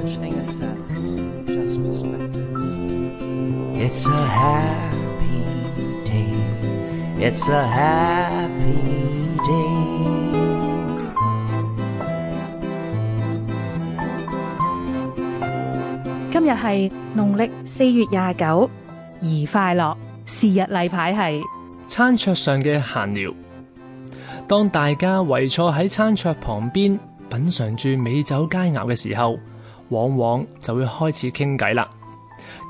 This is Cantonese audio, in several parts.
It's a happy day. It's a happy day. 今日係農曆四月廿九，宜快樂。是日例牌係餐桌上嘅閒聊。當大家圍坐喺餐桌旁邊，品嘗住美酒佳肴嘅時候，往往就會開始傾偈啦，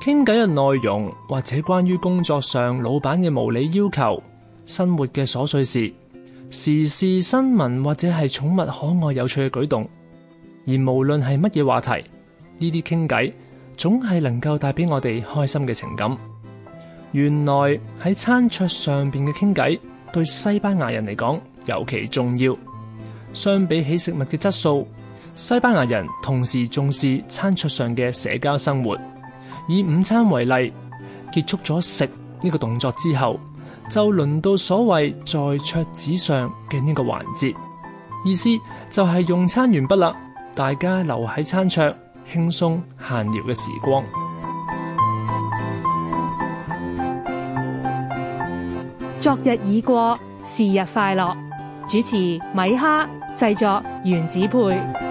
傾偈嘅內容或者關於工作上老闆嘅無理要求、生活嘅瑣碎事、時事新聞或者係寵物可愛有趣嘅舉動，而無論係乜嘢話題，呢啲傾偈總係能夠帶俾我哋開心嘅情感。原來喺餐桌上邊嘅傾偈，對西班牙人嚟講尤其重要，相比起食物嘅質素。西班牙人同時重視餐桌上嘅社交生活，以午餐為例，結束咗食呢個動作之後，就輪到所謂在桌子上嘅呢個環節，意思就係用餐完畢啦，大家留喺餐桌，輕鬆閒聊嘅時光。昨日已過，是日快樂。主持米哈，製作原子配。